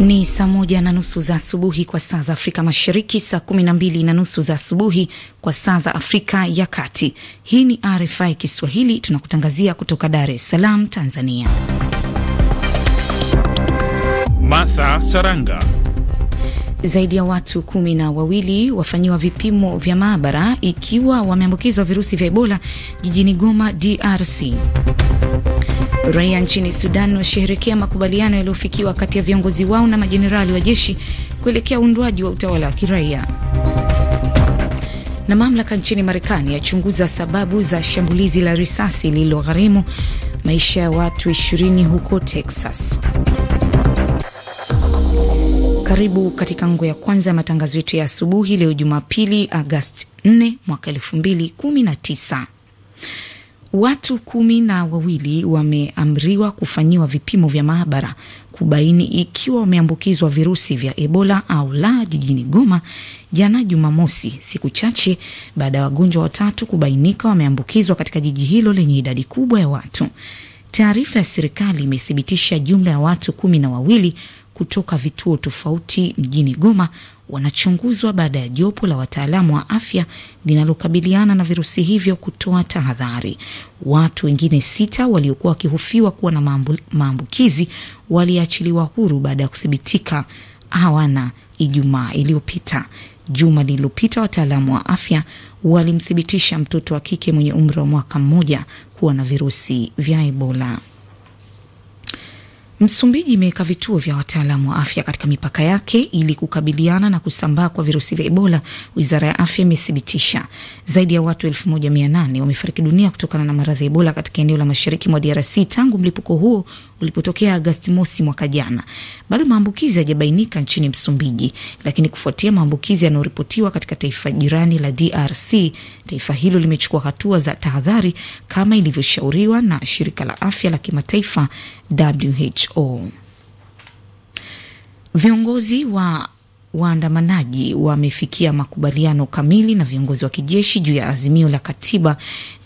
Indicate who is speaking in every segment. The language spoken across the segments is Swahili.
Speaker 1: Ni saa moja na nusu za asubuhi kwa saa za Afrika Mashariki, saa kumi na mbili na nusu za asubuhi kwa saa za Afrika ya Kati. Hii ni RFI Kiswahili, tunakutangazia kutoka Dar es Salaam, Tanzania.
Speaker 2: Martha Saranga.
Speaker 1: Zaidi ya watu kumi na wawili wafanyiwa vipimo vya maabara ikiwa wameambukizwa virusi vya Ebola jijini Goma, DRC. Raia nchini Sudan washeherekea makubaliano yaliyofikiwa kati ya viongozi wao na majenerali wa jeshi kuelekea uundwaji wa utawala wa kiraia. Na mamlaka nchini Marekani yachunguza sababu za shambulizi la risasi lililogharimu maisha ya watu 20 huko Texas. Karibu katika ngo ya kwanza ya matangazo yetu ya asubuhi leo Jumapili, Agasti 4 mwaka 2019. Watu kumi na wawili wameamriwa kufanyiwa vipimo vya maabara kubaini ikiwa wameambukizwa virusi vya Ebola au la jijini Goma jana Jumamosi, siku chache baada ya wagonjwa watatu kubainika wameambukizwa katika jiji hilo lenye idadi kubwa ya watu. Taarifa ya serikali imethibitisha jumla ya watu kumi na wawili kutoka vituo tofauti mjini Goma wanachunguzwa baada ya jopo la wataalamu wa afya linalokabiliana na virusi hivyo kutoa tahadhari. Watu wengine sita waliokuwa wakihofiwa kuwa na maambukizi waliachiliwa huru baada ya kuthibitika hawana Ijumaa iliyopita. Juma lililopita wataalamu wa afya walimthibitisha mtoto wa kike mwenye umri wa mwaka mmoja kuwa na virusi vya Ebola. Msumbiji imeweka vituo vya wataalamu wa afya katika mipaka yake ili kukabiliana na kusambaa kwa virusi vya Ebola. Wizara ya afya imethibitisha zaidi ya watu 1800 wamefariki dunia kutokana na maradhi ya Ebola katika eneo la mashariki mwa DRC tangu mlipuko huo ulipotokea Agasti mosi mwaka jana. Bado maambukizi hayajabainika nchini Msumbiji, lakini kufuatia maambukizi yanayoripotiwa katika taifa jirani la DRC, taifa hilo limechukua hatua za tahadhari kama ilivyoshauriwa na shirika la afya la kimataifa WHO. WHO. Viongozi wa waandamanaji wamefikia makubaliano kamili na viongozi wa kijeshi juu ya azimio la katiba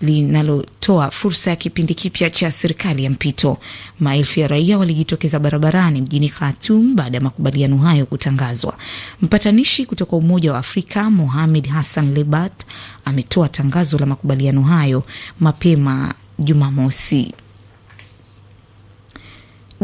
Speaker 1: linalotoa fursa ya kipindi kipya cha serikali ya mpito. Maelfu ya raia walijitokeza barabarani mjini Khartoum baada ya makubaliano hayo kutangazwa. Mpatanishi kutoka Umoja wa Afrika Mohamed Hassan Lebat ametoa tangazo la makubaliano hayo mapema Jumamosi.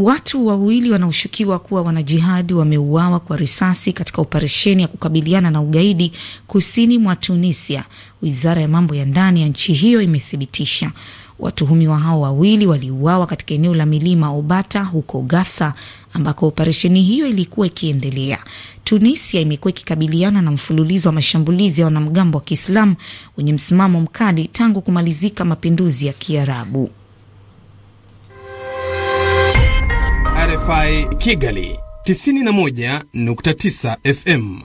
Speaker 1: Watu wawili wanaoshukiwa kuwa wanajihadi wameuawa kwa risasi katika operesheni ya kukabiliana na ugaidi kusini mwa Tunisia, wizara ya mambo ya ndani ya nchi hiyo imethibitisha. Watuhumiwa hao wawili waliuawa katika eneo la milima Obata huko Gafsa, ambako operesheni hiyo ilikuwa ikiendelea. Tunisia imekuwa ikikabiliana na mfululizo wa mashambulizi ya wanamgambo wa Kiislamu wenye msimamo mkali tangu kumalizika mapinduzi ya Kiarabu.
Speaker 3: RFI Kigali 91.9 FM.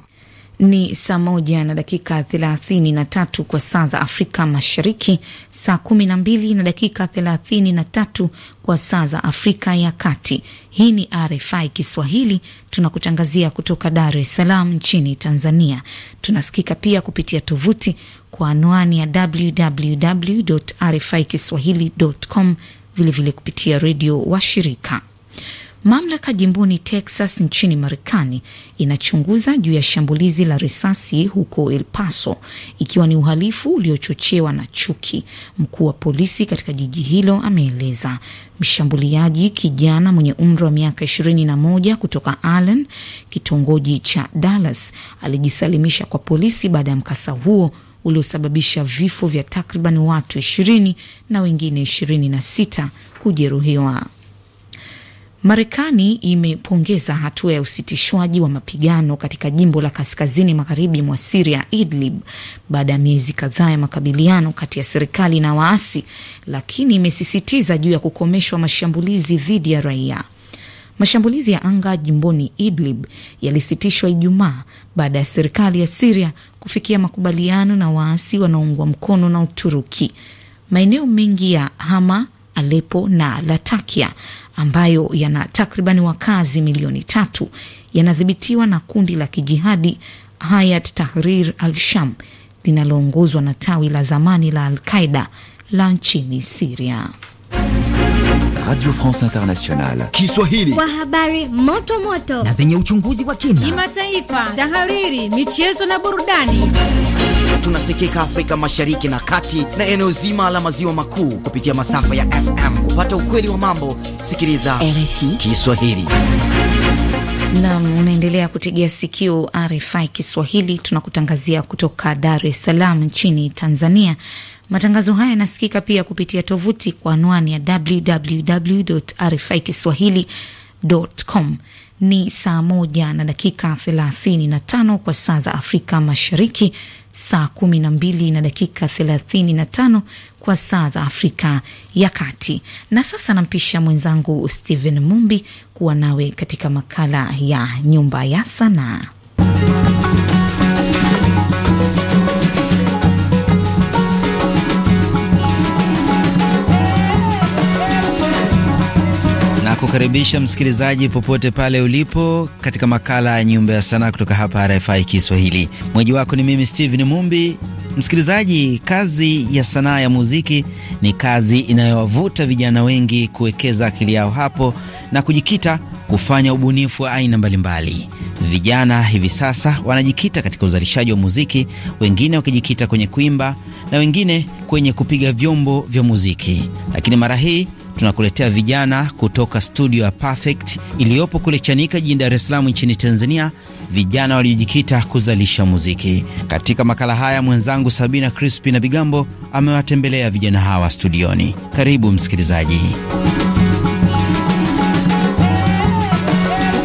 Speaker 1: Ni saa moja na dakika thelathini na tatu kwa saa za Afrika Mashariki, saa kumi na mbili na dakika thelathini na tatu kwa saa za Afrika ya Kati. Hii ni RFI Kiswahili, tunakutangazia kutoka Dar es Salaam nchini Tanzania. Tunasikika pia kupitia tovuti kwa anwani ya www rfi kiswahili.com, vilevile kupitia redio wa shirika Mamlaka jimboni Texas nchini Marekani inachunguza juu ya shambulizi la risasi huko El Paso, ikiwa ni uhalifu uliochochewa na chuki. Mkuu wa polisi katika jiji hilo ameeleza mshambuliaji kijana mwenye umri wa miaka ishirini na moja kutoka Allen, kitongoji cha Dallas, alijisalimisha kwa polisi baada ya mkasa huo uliosababisha vifo vya takriban watu ishirini na wengine ishirini na sita kujeruhiwa. Marekani imepongeza hatua ya usitishwaji wa mapigano katika jimbo la kaskazini magharibi mwa Siria, Idlib, baada ya miezi kadhaa ya makabiliano kati ya serikali na waasi, lakini imesisitiza juu ya kukomeshwa mashambulizi dhidi ya raia. Mashambulizi ya anga jimboni Idlib yalisitishwa Ijumaa baada ya serikali ya Siria kufikia makubaliano na waasi wanaoungwa mkono na Uturuki. Maeneo mengi ya Hama Aleppo na Latakia ambayo yana takriban wakazi milioni tatu yanadhibitiwa na kundi la kijihadi Hayat Tahrir al-Sham linaloongozwa na tawi la zamani la Al-Qaeda la nchini Syria.
Speaker 4: Radio France Internationale Kiswahili, kwa habari moto moto na zenye uchunguzi wa kina,
Speaker 5: kimataifa,
Speaker 2: tahariri, michezo na burudani
Speaker 4: tunasikika Afrika Mashariki na Kati na eneo zima la maziwa makuu kupitia masafa ya FM. Kupata ukweli wa mambo, sikiliza RFI Kiswahili.
Speaker 1: Nam, unaendelea kutegea sikio RFI Kiswahili, tunakutangazia kutoka Dar es Salaam nchini Tanzania. Matangazo haya yanasikika pia kupitia tovuti kwa anwani ya www RFI Ni saa moja na dakika 35 kwa saa za Afrika Mashariki, saa 12 na dakika 35 kwa saa za Afrika ya Kati. Na sasa nampisha mwenzangu Stephen Mumbi kuwa nawe katika makala ya Nyumba ya Sanaa.
Speaker 4: kukaribisha msikilizaji popote pale ulipo katika makala ya Nyumba ya Sanaa kutoka hapa RFI Kiswahili. Mweji wako ni mimi Steven Mumbi. Msikilizaji, kazi ya sanaa ya muziki ni kazi inayowavuta vijana wengi kuwekeza akili yao hapo na kujikita kufanya ubunifu wa aina mbalimbali. Vijana hivi sasa wanajikita katika uzalishaji wa muziki, wengine wakijikita kwenye kuimba na wengine kwenye kupiga vyombo vya muziki, lakini mara hii tunakuletea vijana kutoka studio ya Perfect iliyopo kule Chanika jijini Dar es Salaam nchini Tanzania, vijana waliojikita kuzalisha muziki. Katika makala haya mwenzangu Sabina Crispi na Bigambo amewatembelea vijana hawa studioni. Karibu msikilizaji.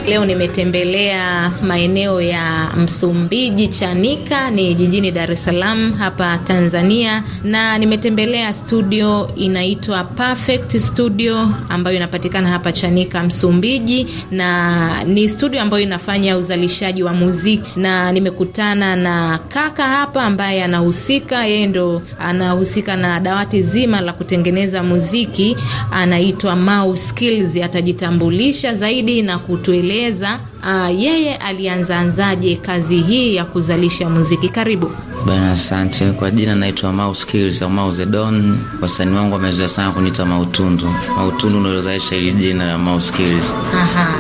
Speaker 5: Leo nimetembelea maeneo ya Msumbiji, Chanika ni jijini Dar es Salaam hapa Tanzania, na nimetembelea studio inaitwa Perfect Studio ambayo inapatikana hapa Chanika, Msumbiji, na ni studio ambayo inafanya uzalishaji wa muziki, na nimekutana na kaka hapa ambaye anahusika, yeye ndo anahusika na dawati zima la kutengeneza muziki, anaitwa Mau Skills. Atajitambulisha zaidi na kutueleza kutueleza uh, ah, yeye alianzaanzaje kazi hii ya kuzalisha muziki. Karibu.
Speaker 6: Bana, asante kwa jina. Naitwa Mau Skills au Mau Zedon. Wasanii wangu wamezoea sana kuniita Mautundu. Mautundu ndio ilozalisha hili jina la Mau
Speaker 4: Skills. Aha.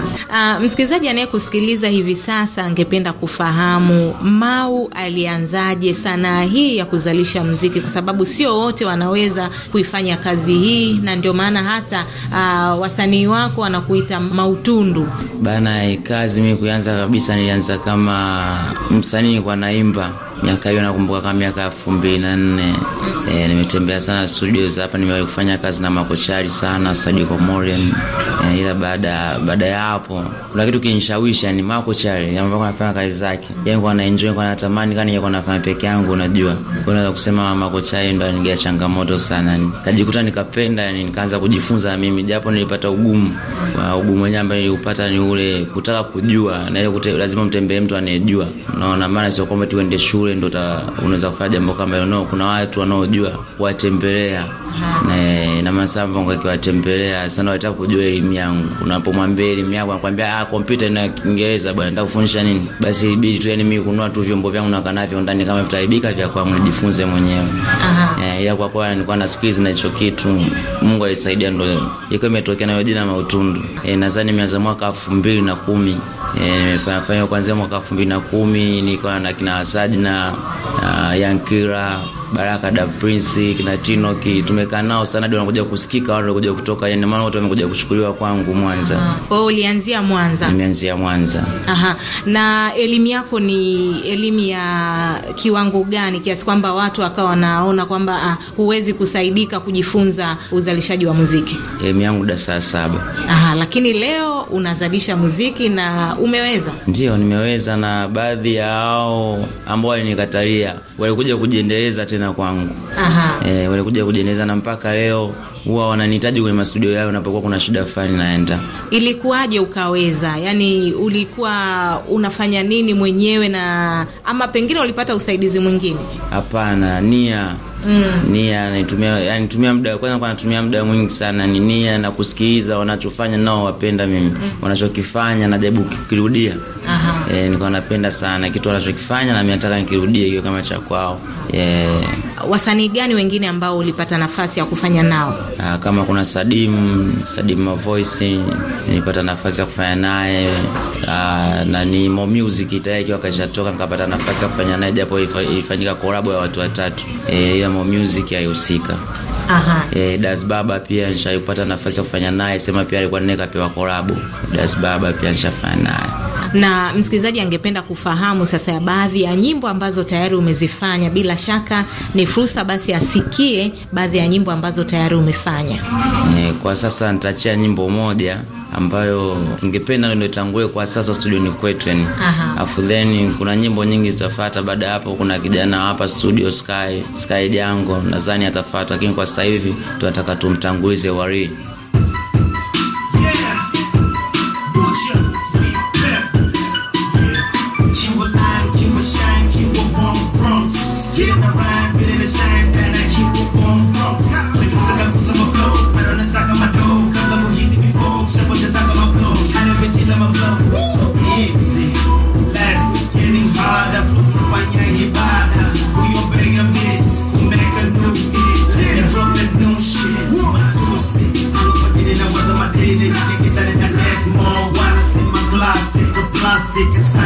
Speaker 5: Uh, msikilizaji anayekusikiliza hivi sasa angependa kufahamu Mau alianzaje sanaa hii ya kuzalisha mziki, kwa sababu sio wote wanaweza kuifanya kazi hii, na ndio maana hata uh, wasanii wako wanakuita Mautundu.
Speaker 6: Bana, kazi mimi kuanza kabisa, nilianza kama msanii kwa naimba Miaka hiyo nakumbuka kama miaka elfu mbili na nne. E, nimetembea sana studio za hapa, nimewahi kufanya kazi na makochari sana Sadio Comorian E, ila baada baada ya hapo kuna kitu kinishawisha ni makochari ambao yaani anafanya kazi zake yeye, yaani kwa anaenjoy kwa anatamani kani yeye kwa anafanya peke yangu, unajua kwa naweza kusema makochari ndo anigea changamoto sana, nikajikuta nikapenda, yani nikaanza kujifunza mimi, japo nilipata ugumu wa ugumu wenyewe ambao nilipata ni ule kutaka kujua na ile lazima mtembee mtu anayejua, unaona maana, sio kwamba tuende shule kule ndo unaweza kufanya jambo kama hilo no. Kuna watu wanaojua watembelea na na masambo kwa kiwatembelea sana, wataka kujua elimu yangu. Unapomwambia elimu yangu, anakuambia ah, kompyuta ina Kiingereza bwana, nataka kufundisha nini? Basi ibidi tu, yani mimi kunua tu vyombo vyangu na kanavyo ndani, kama vitaibika vya kwangu nijifunze mwenyewe eh, ila kwa kwa nilikuwa na skills na hicho kitu, Mungu alisaidia, ndio iko imetokea nayo jina Mautundu eh, nadhani mianza mwaka 2010 nimefanya kwanzia mwaka elfu mbili na kumi nilikuwa na kina Hasad na Yankira Baraka da Prince kina Tino ki tumekaa nao sana, ndio wanakuja kusikika, wao wanakuja kutoka, yani maana watu wamekuja kuchukuliwa kwangu Mwanza. Ah,
Speaker 5: wewe ulianzia Mwanza? Nimeanzia Mwanza. Aha. Na elimu yako ni elimu ya kiwango gani, kiasi kwamba watu wakawa wanaona kwamba ah, huwezi kusaidika kujifunza uzalishaji wa
Speaker 6: muziki? Elimu yangu darasa saba.
Speaker 5: Aha, lakini leo unazalisha muziki na umeweza?
Speaker 6: Ndio, nimeweza, na baadhi ya hao ambao walinikatalia walikuja kujiendeleza tena kwangu e, walikuja kujeneza na mpaka leo huwa wananihitaji kwenye mastudio yao unapokuwa kuna shida fulani naenda.
Speaker 5: Ilikuwaje ukaweza? Yani ulikuwa unafanya nini mwenyewe na ama pengine ulipata usaidizi mwingine?
Speaker 6: Hapana, nia Mm. nia naitumia yani tumia muda kwanza, kwa anatumia muda mwingi sana ni nia na kusikiliza wanachofanya nao wapenda mimi mm. wanachokifanya najaribu kukirudia. Aha. E, nilikuwa napenda sana kitu wanachokifanya na mimi nataka nikirudie hiyo kama cha kwao. Yeah.
Speaker 5: Wasanii gani wengine ambao ulipata nafasi ya kufanya nao?
Speaker 6: Aa, kama kuna Sadim, Sadim ma voice nilipata nafasi ya kufanya naye na ni Mo Music tayari kwa kashatoka nikapata nafasi ya kufanya naye japo ilifanyika collab ya watu watatu. Eh, Mo Music yahusika. Aha. Eh, Das Baba pia nishaipata nafasi ya kufanya naye, sema pia alikuwa nne kapewa kolabo. Das Baba pia nishafanya naye
Speaker 5: na msikilizaji angependa kufahamu sasa ya baadhi ya nyimbo ambazo tayari umezifanya. Bila shaka ni fursa basi asikie baadhi ya nyimbo ambazo tayari umefanya.
Speaker 6: E, kwa sasa nitachia nyimbo moja ambayo tungependa ndotangue kwa sasa ni kwetu, yani afu then kuna nyimbo nyingi zitafuata baada ya hapo. Kuna kijana hapa studio Sky Sky Jango nadhani atafuata, lakini kwa sasa hivi tunataka tumtangulize Wari.
Speaker 4: stick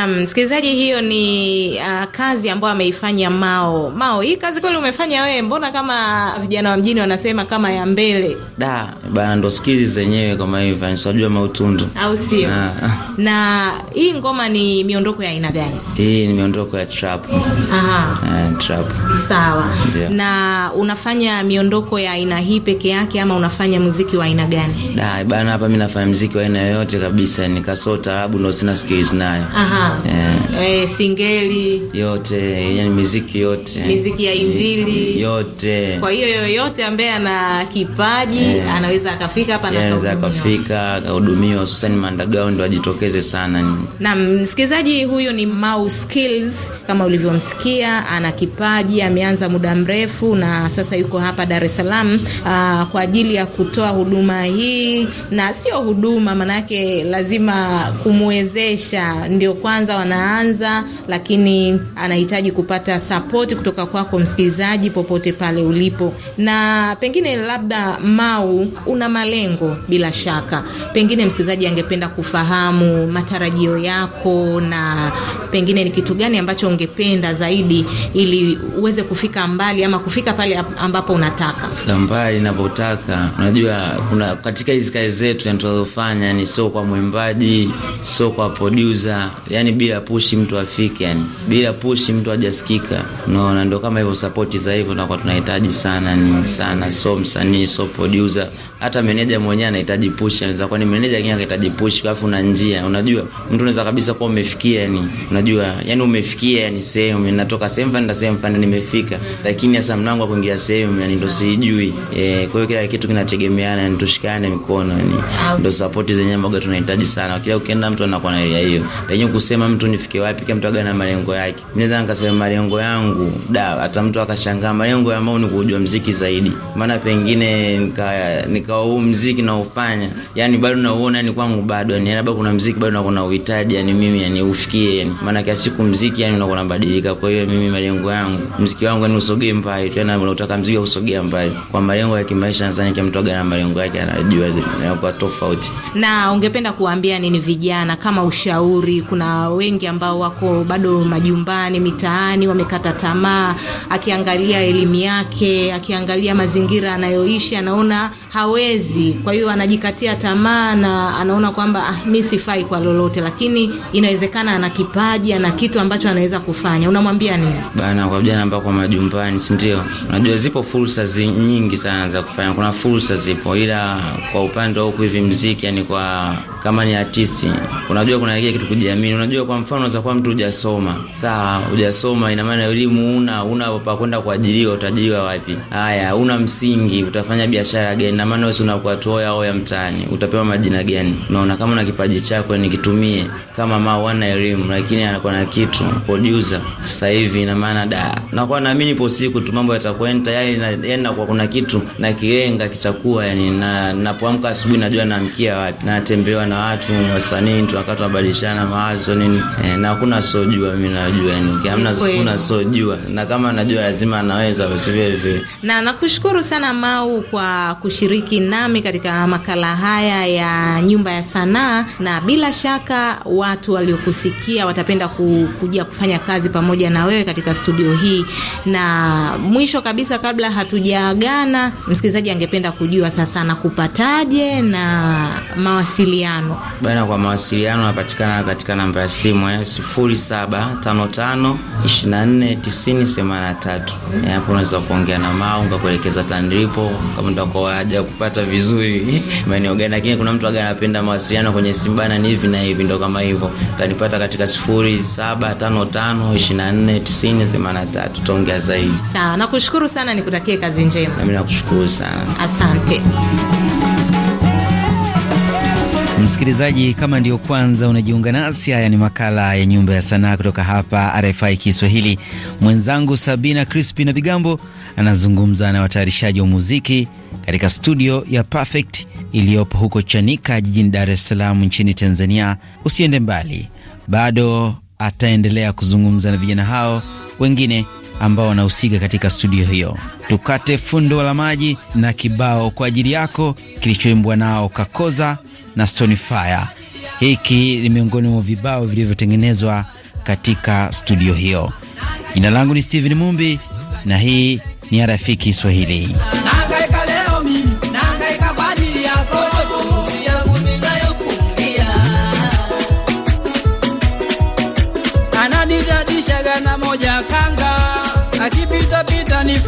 Speaker 5: Na msikilizaji, hiyo ni uh, kazi ambayo ameifanya Mao. Mao, hii kazi kweli umefanya wewe? Mbona kama vijana wa mjini wanasema kama ya mbele
Speaker 6: da bana, ndo skili zenyewe kama hivyo, nisajua yaani mautundu, au sio? Na, ah.
Speaker 5: na hii ngoma ni miondoko ya aina gani?
Speaker 6: Hii ni miondoko ya trap. Aha. Uh, trap.
Speaker 5: Sawa. Yeah. Na unafanya miondoko ya aina hii peke yake ama unafanya muziki wa aina gani?
Speaker 6: Da bana, hapa mimi nafanya muziki wa aina yoyote kabisa, nikasota tarabu ndo sina skills nayo. Aha yeah.
Speaker 5: e, eh, singeli
Speaker 6: yote, yani miziki yote, miziki ya injili yote. Kwa hiyo
Speaker 5: yoyote ambaye ana kipaji yeah. anaweza akafika hapa na anaweza
Speaker 6: akafika akahudumiwa, hususani mandagao ndo ajitokeze sana.
Speaker 5: Na msikilizaji huyu ni Mau Skills, kama ulivyomsikia, ana kipaji, ameanza muda mrefu na sasa yuko hapa Dar es Salaam uh, kwa ajili ya kutoa huduma hii, na sio huduma, manake lazima kumwezesha ndio kwanza kwanza wanaanza, lakini anahitaji kupata sapoti kutoka kwako msikilizaji, popote pale ulipo. Na pengine labda, Mau, una malengo bila shaka, pengine msikilizaji angependa kufahamu matarajio yako, na pengine ni kitu gani ambacho ungependa zaidi ili uweze kufika mbali ama kufika pale ambapo unataka kufika
Speaker 6: mbali ninapotaka. Unajua, kuna katika hizi kazi zetu tunazofanya, ni sio kwa mwimbaji, sio kwa producer yani bila pushi mtu afike, yani bila pushi mtu hajasikika. Unaona, ndio kama hivyo, support za hivyo tunakuwa tunahitaji sana, ni sana. So msanii, so producer, hata meneja mwenyewe anahitaji push, anaweza ni meneja yake anahitaji push, alafu na njia, unajua mtu anaweza kabisa kuwa umefikia, yani unajua, yani umefikia, yani sehemu natoka sehemu fani na sehemu fani nimefika, lakini sasa mlango wa kuingia sehemu yani ndo sijui. E, kwa hiyo kila kitu kinategemeana, yani tushikane mikono, yani ndo support zenyewe mboga tunahitaji sana. Kila ukienda mtu anakuwa na hiyo, lakini kus kusema mtu nifike wapi, kila mtu aga na malengo yake. Mimi naweza nikasema malengo yangu da, hata mtu akashangaa malengo ambao ni kujua mziki zaidi, maana pengine nika nikawa huu mziki naufanya, yani bado nauona ni kwangu bado yani labda kuna mziki bado nakuwa na uhitaji yani mimi yani ufikie yani, maana kila siku mziki yani unakuwa unabadilika. Kwa hiyo mimi malengo yangu mziki wangu ni usogee mbali tu, yani unataka mziki usogee mbali kwa malengo ya kimaisha. Nadhani kila mtu aga na malengo yake anajua kwa tofauti.
Speaker 5: Na ungependa kuambia nini vijana kama ushauri kuna wengi ambao wako bado majumbani, mitaani, wamekata tamaa. Akiangalia elimu yake, akiangalia mazingira anayoishi, anaona hawezi, kwa hiyo anajikatia tamaa na anaona kwamba ah, mi sifai kwa lolote, lakini inawezekana ana kipaji, ana kitu ambacho anaweza kufanya. Unamwambia nini
Speaker 6: bana kwa vijana ambao kwa majumbani, si ndio? Unajua zipo fursa zi nyingi sana za kufanya, kuna fursa zipo, ila kwa upande wa huku hivi mziki, yani kwa kama ni artisti, unajua kuna kunaelekea kitu kujiamini. Unajua, kwa mfano unaweza kuwa mtu hujasoma, sawa, hujasoma, ina maana elimu una una pa kwenda kuajiriwa, utajiriwa wapi? Haya, una msingi, utafanya biashara gani? Na maana wewe unakuwa toya au ya mtaani, utapewa majina gani? Unaona, kama una kipaji chako nikitumie, kama ma wana elimu lakini anakuwa na kitu producer sasa hivi, ina maana da, nakuwa naamini po siku tu mambo yatakwenda, yani na, yani na kwa kuna kitu na kilenga kitakuwa, yani na napoamka asubuhi najua naamkia wapi, natembea na watu ni wasanii, tunakaa tunabadilishana mawazo nini e, na hakuna sojua, mi najua yani hamna, kuna sojua na kama najua lazima anaweza usivyo
Speaker 5: Na nakushukuru sana Mau kwa kushiriki nami katika makala haya ya nyumba ya sanaa, na bila shaka watu waliokusikia watapenda kuja kufanya kazi pamoja na wewe katika studio hii. Na mwisho kabisa, kabla hatujaagana, msikilizaji angependa kujua sasa nakupataje na mawasiliano mawasiliano
Speaker 6: bana. Kwa mawasiliano napatikana katika namba ya simu ya eh, sifuri saba tano tano ishirini na nne tisini themanini na tatu. Eh, hapo unaweza kuongea na Mao nikakuelekeza tandilipo kama nitakuwa haja kupata vizuri eh, maeneo gani, lakini kuna mtu aga anapenda mawasiliano kwenye simu bana, ni hivi na hivi, ndo kama hivyo utanipata katika sifuri saba tano tano ishirini na nne tisini themanini na tatu, tutaongea zaidi.
Speaker 5: Sawa, nakushukuru sana, nikutakie kazi njema. Nami
Speaker 4: nakushukuru sana,
Speaker 5: asante.
Speaker 4: Msikilizaji, kama ndio kwanza unajiunga nasi, haya ni makala ya Nyumba ya Sanaa kutoka hapa RFI Kiswahili. Mwenzangu Sabina Crispi na Bigambo anazungumza na watayarishaji wa muziki katika studio ya Perfect iliyopo huko Chanika jijini Dar es Salaam nchini Tanzania. Usiende mbali, bado ataendelea kuzungumza na vijana hao wengine ambao wanahusika katika studio hiyo. Tukate fundo la maji na kibao kwa ajili yako kilichoimbwa nao Kakoza na Stone Fire. Hiki ni miongoni mwa vibao vilivyotengenezwa katika studio hiyo. Jina langu ni Steven Mumbi na hii ni RFI Kiswahili.
Speaker 2: Anadidadishaga na moja kanga akipitapita ni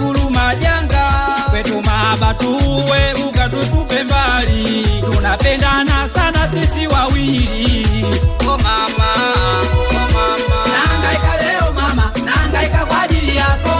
Speaker 2: baba tuwe, ukatutupe mbali, tunapendana sana sisi wawili. O oh, mama, o oh, mama, nangaika leo mama, nangaika kwa ajili yako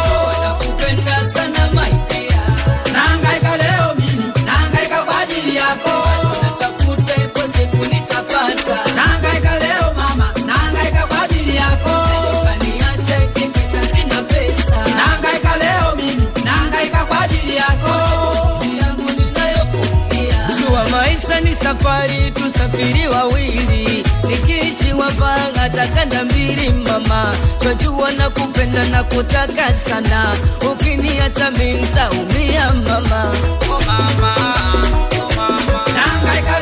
Speaker 2: safari tusafiri wawili, nikiishi wapanga takanda mbili mama, twajua na kupenda na kutaka sana, ukiniacha mimi nitaumia mama. Oh mama, oh mama, nahangaika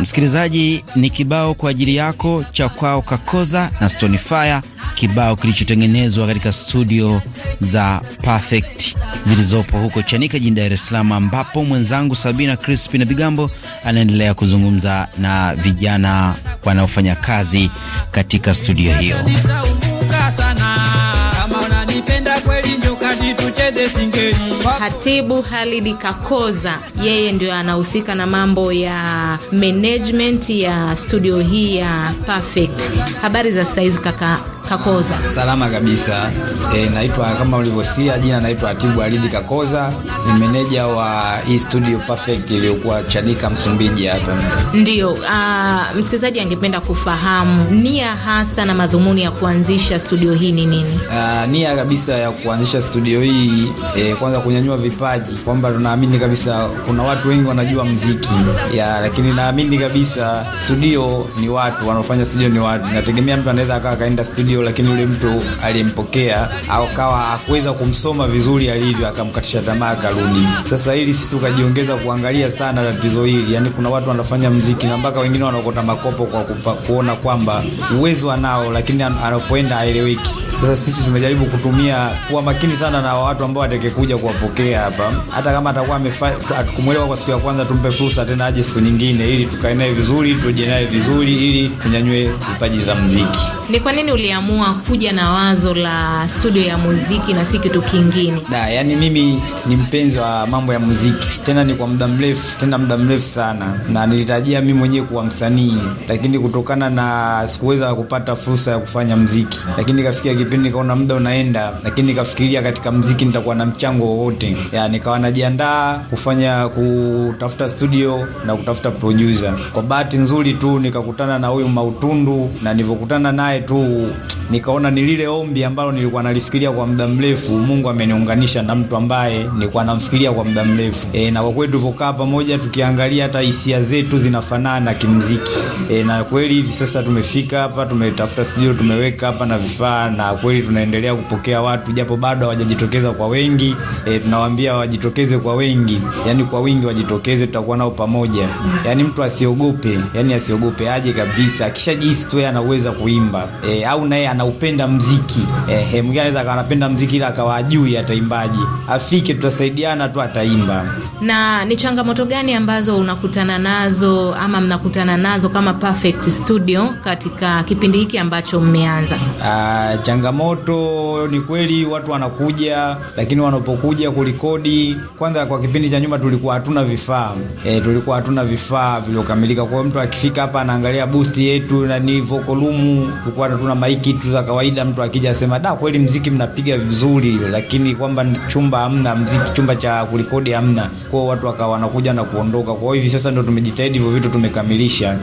Speaker 4: Msikilizaji, ni kibao kwa ajili yako cha kwao Kakoza na Stonefire kibao kilichotengenezwa katika studio za Perfect zilizopo huko Chanika jijini Dar es Salaam, ambapo mwenzangu Sabina crispi na Bigambo anaendelea kuzungumza na vijana wanaofanya kazi katika studio hiyo.
Speaker 5: Hatibu Halidi Kakoza, yeye ndio anahusika na mambo ya management ya studio hii ya Perfect. Habari za saizi kaka Kakoza?
Speaker 3: Salama kabisa. E, naitwa kama ulivyosikia jina, naitwa Hatibu Halidi Kakoza, ni meneja wa hii studio Perfect iliyokuwa Chanika, Msumbiji hapa.
Speaker 5: Ndio. Uh, msikilizaji angependa kufahamu nia hasa na madhumuni ya kuanzisha studio hii ni nini?
Speaker 3: Uh, nia kabisa ya kuanzisha studio redio hii e, kwanza kunyanyua vipaji, kwamba tunaamini kabisa kuna watu wengi wanajua mziki ya, lakini naamini kabisa studio ni watu wanaofanya studio ni watu. Nategemea mtu anaweza akawa akaenda studio, lakini yule mtu aliyempokea au kawa akuweza kumsoma vizuri alivyo, akamkatisha tamaa akarudi. Sasa hili sisi tukajiongeza kuangalia sana tatizo hili, yani kuna watu wanafanya mziki na mpaka wengine wanaokota makopo kwa kupa, kuona kwamba uwezo anao, lakini anapoenda aeleweki. Sasa sisi tumejaribu kutumia kuwa makini sana na na watu ambao kuja kuwapokea hapa, hata kama atakuwa atakumuelewa kwa siku ya kwanza, tumpe fursa tena aje siku nyingine, ili tukae naye vizuri, tuje naye vizuri, ili tunyanywe vipaji za muziki.
Speaker 5: Ni kwa nini uliamua kuja na wazo la studio ya muziki na si kitu kingine?
Speaker 3: Da, yani mimi ni mpenzi wa mambo ya muziki, tena ni kwa muda mrefu, tena muda mrefu sana, na nilitarajia mimi mwenyewe kuwa msanii, lakini kutokana na sikuweza kupata fursa ya kufanya muziki, lakini ikafikia kipindi nikaona muda unaenda, lakini nikafikiria katika mziki nitakuwa na mchango wowote. Ya, nikawa najiandaa kufanya kutafuta studio na kutafuta producer. Kwa bahati nzuri tu nikakutana na huyu Mautundu, na nilivyokutana naye tu nikaona ni lile ombi ambalo nilikuwa nalifikiria kwa muda mrefu. Mungu ameniunganisha na mtu ambaye nilikuwa namfikiria kwa muda mrefu e, na kwa kweli tulivyokaa pamoja tukiangalia hata hisia zetu zinafanana kimziki e, na kweli hivi sasa tumefika hapa, tumetafuta studio, tumeweka hapa na vifaa, na kweli tunaendelea kupokea watu japo bado hawajajitokeza kujitokeza kwa wengi e, tunawaambia wajitokeze kwa wengi, yani kwa wingi wajitokeze, tutakuwa nao pamoja. Yani mtu asiogope, yani asiogope, aje kabisa, akishajihisi tu yeye anaweza kuimba e, au naye anaupenda mziki e, mwingine anaweza akawa anapenda mziki ila akawa ajui ataimbaje, afike, tutasaidiana tu, ataimba.
Speaker 5: Na ni changamoto gani ambazo unakutana nazo ama mnakutana nazo kama Perfect Studio katika kipindi hiki ambacho mmeanza?
Speaker 3: Ah, changamoto ni kweli, watu wanakuja lakini wanapokuja kulikodi, kwanza kwa kipindi cha nyuma tulikuwa hatuna vifaa e, tulikuwa hatuna vifaa vilivyokamilika. Kwa mtu akifika hapa anaangalia boost yetu na ni vokolumu, tulikuwa hatuna maiki tu za kawaida. Mtu akija asema da, kweli mziki mnapiga vizuri, lakini kwamba chumba hamna mziki, chumba cha kulikodi hamna. Kwa watu wakawa wanakuja na kuondoka. Kwa hivi sasa ndio tumejitahidi hivyo vitu tumekamilisha.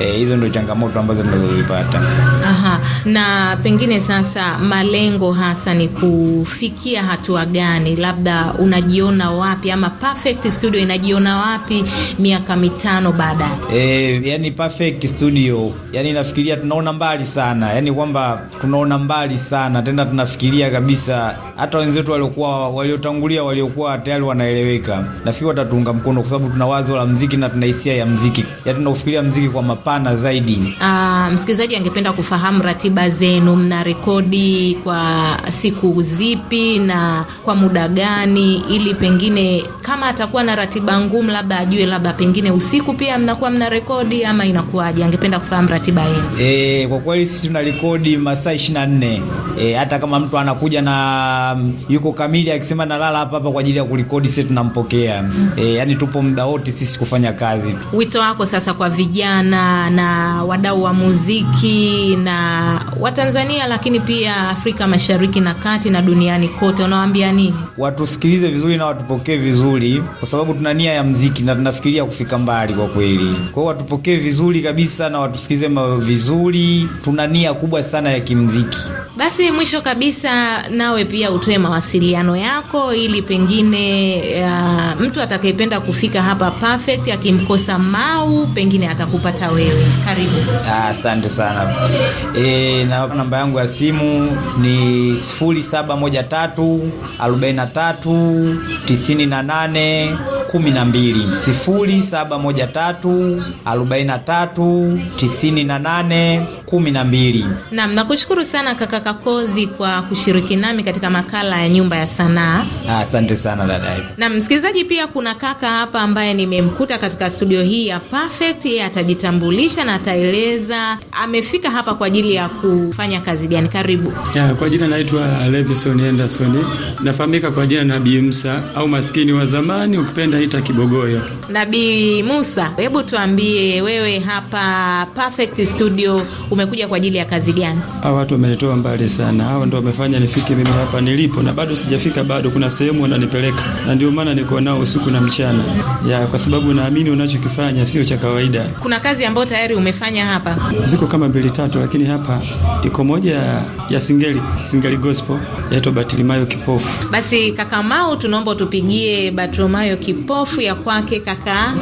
Speaker 3: E, hizo E, ndio changamoto ambazo tunazozipata.
Speaker 5: Aha, na pengine sasa malengo hasa ni kufikia mmefikia hatua gani? Labda unajiona wapi ama Perfect Studio inajiona wapi miaka mitano baadaye?
Speaker 3: Eh, yani Perfect Studio, yani nafikiria tunaona mbali sana, yani kwamba tunaona mbali sana tena tunafikiria kabisa hata wenzetu waliokuwa waliotangulia waliokuwa tayari wanaeleweka, nafikiri watatunga mkono kwa sababu tuna wazo la mziki na tuna hisia ya mziki, yani tunaufikiria mziki kwa mapana zaidi.
Speaker 5: Ah, msikilizaji angependa kufahamu ratiba zenu, mna rekodi kwa siku zipi na kwa muda gani, ili pengine kama atakuwa na ratiba ngumu, labda ajue, labda pengine usiku pia mnakuwa mna rekodi ama inakuwaje? Angependa kufahamu ratiba yenu.
Speaker 3: E, kwa kweli sisi tuna rekodi masaa 24. E, hata kama mtu anakuja na mm, yuko kamili akisema nalala hapa hapa kwa ajili ya kurekodi, sisi tunampokea. Mm. E, yani tupo muda wote sisi kufanya kazi.
Speaker 5: Wito wako sasa kwa vijana na wadau wa muziki na Watanzania, lakini pia Afrika Mashariki na Kati na duniani kote wote unawaambia nini?
Speaker 3: Watusikilize vizuri na watupokee vizuri, kwa sababu tuna nia ya mziki na tunafikiria kufika mbali kwa kweli. Kwa hiyo watupokee vizuri kabisa na watusikilize vizuri, tuna nia kubwa sana ya kimziki.
Speaker 5: Basi mwisho kabisa, nawe pia utoe mawasiliano yako, ili pengine ya, mtu atakayependa kufika hapa Perfect akimkosa Mau pengine atakupata wewe. Karibu.
Speaker 3: Asante ah, sana. E, na namba yangu ya simu ni 0713 tatu 43 98 kumi na na na mbili sifuri saba moja tatu tatu tisini nane kumi na mbili.
Speaker 5: Naam, nakushukuru sana kaka Kakozi kwa kushiriki nami katika makala ya nyumba ya sanaa.
Speaker 3: Asante sana dada.
Speaker 5: Na msikilizaji, pia kuna kaka hapa ambaye nimemkuta katika studio hii ya Perfect. Yeye atajitambulisha na ataeleza amefika hapa kwa ajili ya kufanya kazi gani. Karibu.
Speaker 7: Ya, kwa jina naitwa Levison Anderson, nafahamika kwa jina na Bimsa au maskini wa zamani ukipenda naita Kibogoyo.
Speaker 5: Nabii Musa, hebu tuambie wewe hapa Perfect Studio umekuja kwa ajili ya kazi gani?
Speaker 7: Hawa watu wamenitoa mbali sana, hawa ndio wamefanya nifike mimi hapa nilipo, na bado sijafika, bado kuna sehemu wananipeleka, na ndio maana niko nao usiku na mchana ya, kwa sababu naamini unachokifanya sio cha kawaida.
Speaker 5: Kuna kazi ambayo tayari umefanya hapa?
Speaker 7: Ziko kama mbili tatu, lakini hapa iko moja ya singeli, singeli gospel yaitwa Batilimayo Kipofu.
Speaker 5: Basi kaka Mau, tunaomba tupigie Batilimayo Kipofu magofu ya kwake kakaa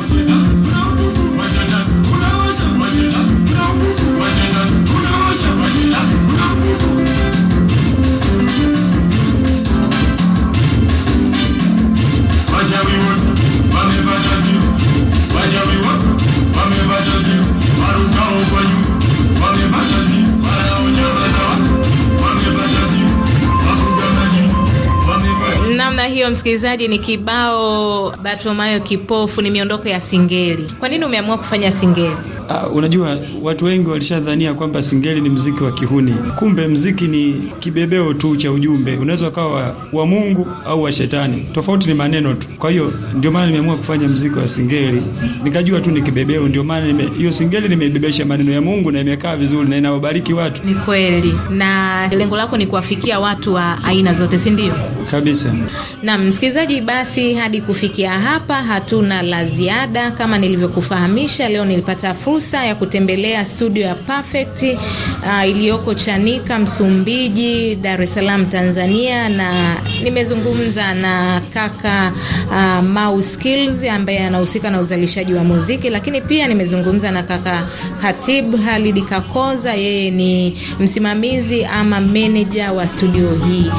Speaker 5: msikilizaji ni kibao Batomayo Kipofu, ni miondoko ya singeli. Kwa nini umeamua kufanya singeli?
Speaker 7: Uh, unajua watu wengi walishadhania kwamba singeli ni mziki wa kihuni, kumbe mziki ni kibebeo tu cha ujumbe. Unaweza ukawa wa Mungu au wa Shetani, tofauti ni maneno tu. Kwa hiyo ndio maana nimeamua kufanya mziki wa singeli, nikajua tu ni kibebeo. Ndio maana hiyo singeli nimebebesha maneno ya Mungu na imekaa vizuri na inawabariki watu. Ni
Speaker 5: kweli, na lengo lako ni kuwafikia watu wa aina zote, si ndio? Kabisa. Na msikilizaji, basi hadi kufikia hapa hatuna la ziada. Kama nilivyokufahamisha leo, nilipata fursa fursa ya kutembelea studio ya Perfect uh, iliyoko Chanika, Msumbiji, Dar es Salaam, Tanzania, na nimezungumza na kaka uh, Mau Skills ambaye anahusika na uzalishaji wa muziki, lakini pia nimezungumza na kaka Hatib Halid Kakoza, yeye ni msimamizi ama meneja wa studio hii.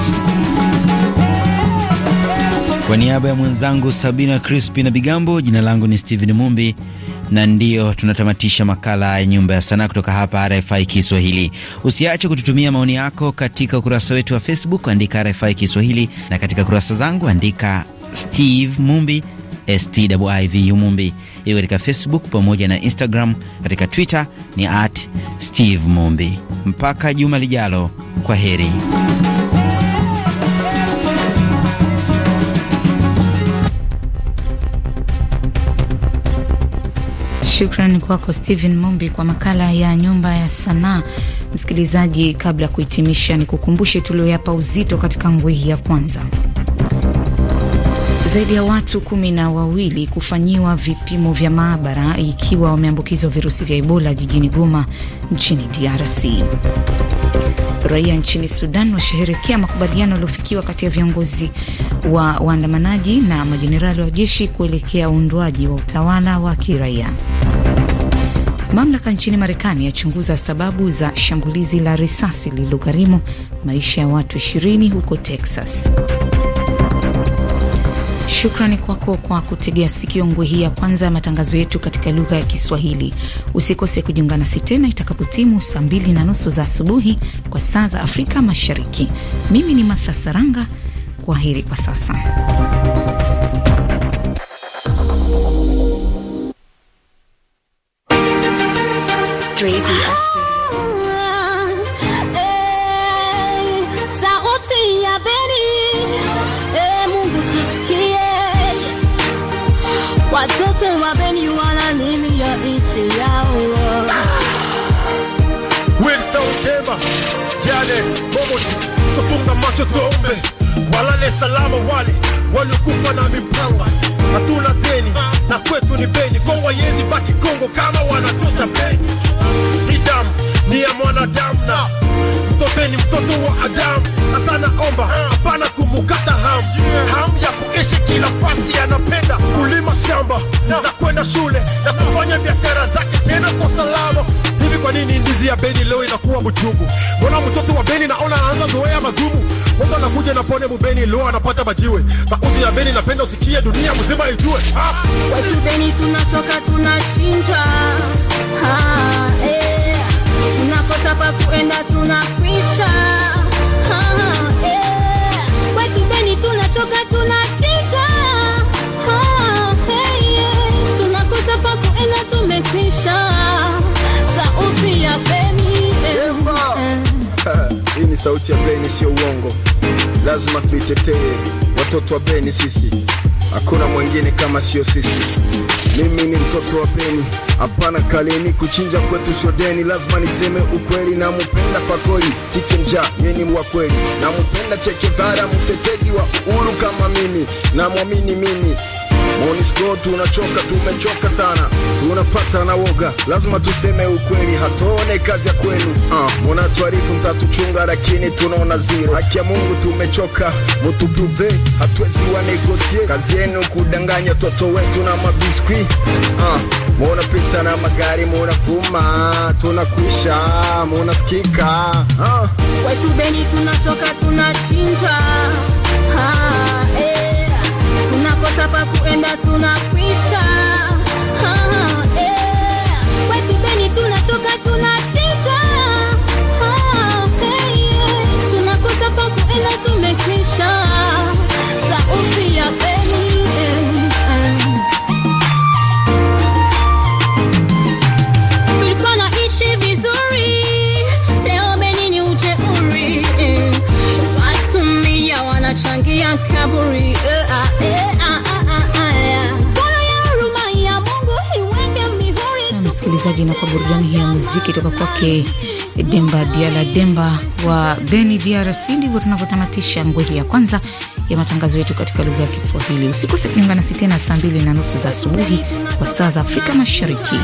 Speaker 4: Kwa niaba ya mwenzangu Sabina Crispy na Bigambo, jina langu ni Steven Mumbi na ndiyo tunatamatisha makala ya Nyumba ya Sanaa kutoka hapa RFI Kiswahili. Usiache kututumia maoni yako katika ukurasa wetu wa Facebook, andika RFI Kiswahili, na katika kurasa zangu andika Steve Mumbi Stivu Mumbi hiyo katika Facebook pamoja na Instagram. Katika Twitter ni at Steve Mumbi. Mpaka juma lijalo, kwa heri.
Speaker 1: shukran kwako Stephen Mumbi kwa makala ya nyumba ya sanaa. Msikilizaji, kabla ya kuhitimisha, ni kukumbushe tulioyapa uzito katika ngwii ya kwanza zaidi ya watu kumi na wawili kufanyiwa vipimo vya maabara ikiwa wameambukizwa virusi vya Ebola jijini Goma nchini DRC. Raia nchini Sudan washeherekea makubaliano yaliyofikiwa kati ya viongozi wa waandamanaji na majenerali wa jeshi kuelekea uundwaji wa utawala wa kiraia. Mamlaka nchini Marekani yachunguza sababu za shambulizi la risasi lililogharimu maisha ya watu 20 huko Texas. Shukrani kwako kwa kutegea sikio ngwe hii ya kwanza ya matangazo yetu katika lugha ya Kiswahili. Usikose kujiunga nasi tena itakapotimu saa mbili na nusu za asubuhi kwa saa za Afrika Mashariki. Mimi ni Matha Saranga, kwa heri kwa sasa. Dre DS
Speaker 8: sauti ya Beni, e Mungu tusikie. Watoto yao.
Speaker 7: Winston Chemba, Janet Momosi, tufunga macho tuombe, walale salama wale waliokufa na mipanga. Hatuna deni na kwetu ni Beni, Kongo haiwezi baki Kongo kama wanatosha Beni ndiye mwanadamu na ni mtoto wa Adamu. Asana omba, hapana kumukata hamu, hamu ya kuishi kila fasi. Anapenda kulima shamba na kwenda shule na kufanya biashara zake tena kwa salama. Hivi kwa nini ndizi ya Beni leo inakuwa mchungu? Mbona mtoto wa Beni naona anaanza zoea magumu? Watu anakuja na pone mubeni leo anapata majiwe. Sauti ya Beni napenda usikie dunia mzima ijue.
Speaker 8: Watu Beni tunachoka tunashinda makosa pa kuenda tunakwisha, ah, eh. Ah, Kwetu Beni tunachoka tunachi sauti ya Beni sio uongo, lazima tuitetee. Watoto
Speaker 7: wa Beni sisi, hakuna mwingine kama sio sisi. Mimi ni mtoto wa
Speaker 6: Beni, hapana Kaleni, kuchinja kwetu sio deni. Lazima niseme ukweli, na mupenda
Speaker 7: Fakoli Tikenja, yeni wa kweli, na mupenda mtetezi wa uhuru kama mimi, na mwamini mimi Monisco tunachoka, tumechoka sana, tunapata na woga, lazima tuseme ukweli, hatuone kazi ya kwenu. Uh, ah, mona tuarifu
Speaker 6: mtatuchunga, lakini tunaona zero. Haki ya Mungu tumechoka, mutuprove hatuwezi wa negosie kazi yenu, kudanganya toto wetu na mabiskwi. Uh, ah, mona pita na magari, mona fuma, tunakuisha, mona skika.
Speaker 8: Uh, ah. beni tunachoka, tunashinda
Speaker 1: kwake Demba Diala Demba wa Beni, DRC. Ndivyo tunavyotamatisha ngweli ya kwanza ya matangazo yetu katika lugha ya Kiswahili. Usikose kujiunga nasi tena saa mbili na nusu za asubuhi kwa saa za Afrika Mashariki.